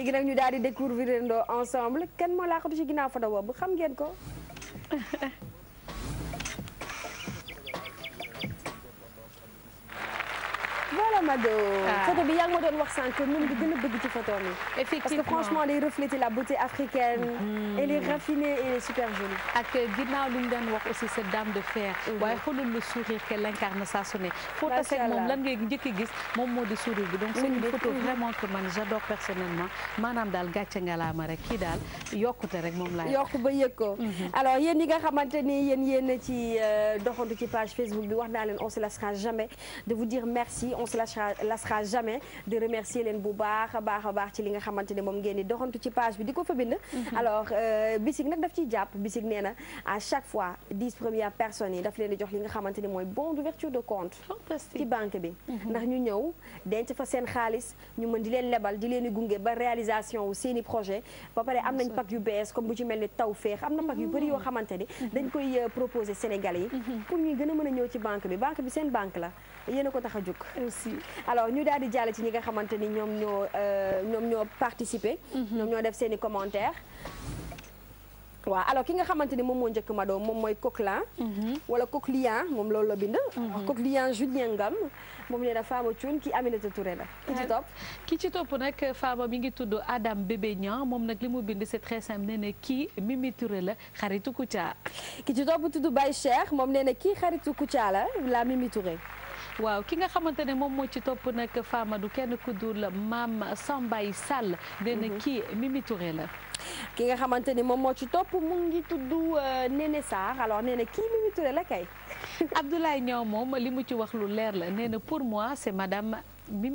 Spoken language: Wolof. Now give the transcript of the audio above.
léegi nag ñu daal di découvrir ndoo ensemble kenn moo laaxatu ci ginnaaw photo boobu xam ngeen ko Mado ah. photo bi yaa ngi ma doon wax sànq moom di gën a bëgg ci photo mi effectivement parce que franchement day refléter la beauté africaine mm-hmm. elle est raffinée et elle est super jolie ak ginnaaw lu ñu doon wax aussi cette dame de fer mm-hmm. waaye xoolal le sourire qu'elle incarne saa su ne foo tasee moom lan ngay njëkk a gis moom moo di sourire bi donc c'est mm-hmm. une photo vraiment que man j'adore personnellement maanaam daal gàcce ngalaama rek kii daal yokkute rek moom laa yokk ba yëg ko alors yéen ñi nga xamante ni yéen yéen ci euh, doxantu ci page Facebook bi wax naa leen on se lassera jamais de vous dire merci on se lassera lassera jamais de remercier leen bu baax a baax a baax ci li nga xamante ne moom ngeen di doxantu ci page bi di ko fa bind mhm. alors euh, Bisik nag daf ciy jàpp Bisik nee na à chaque fois dix premières personnes yi daf leen di jox li nga xamante ni mooy bon d'ouverture de compte ci banque bi mhm. ndax ñu ñëw denc fa seen xaalis ñu mën di leen lebal di leen di gunge ba réalisation wu seen projet ba pare am nañ pak yu bees comme bu ci mel ni taw féex am na pak yu mhm. bëri yoo xamante ni dañ koy euh, proposer Sénégalais yi pour ñuy gën a mën a ñëw ci banque bi banque bi seen banque la yéen a ko alors ñu daadi di jàll ci ñi nga xamante ni ñoom ñoo euh, ñoom ñoo participer. Mhm. ñoom ñoo def seen i commentaire waaw alo ki nga xamante ni moom moo njëkk Mado moom mooy Coquelin. Mhm. wala Coquelin moom loolu la bind. Mhm. Coquelin Julien Ngam moom nee na Fama ki Aminata Touré la. ki ci topp ki ci topp nag Fama mi ngi tudd Adam Bébé Niang moom nag li mu bind c'est très simple nee na kii Mimi Touré la xaritu Kouthia. ki ci topp tudd Baye Cheikh moom nee na kii xaritu Kouthia la la Mimi Touré. waaw ki nga xamante ne moom moo ci topp nag Fama du kenn ku la maam Sambay Sall dena mhm. kii Mimi Touré la ki nga xamante ni moom moo ci topp mu ngi tudd euh, Néné saa alors nee na kii Mimi Touré la kay Abdoulaye Niang moom li mu ci wax lu leer la nee pour moi c'est madame Mimi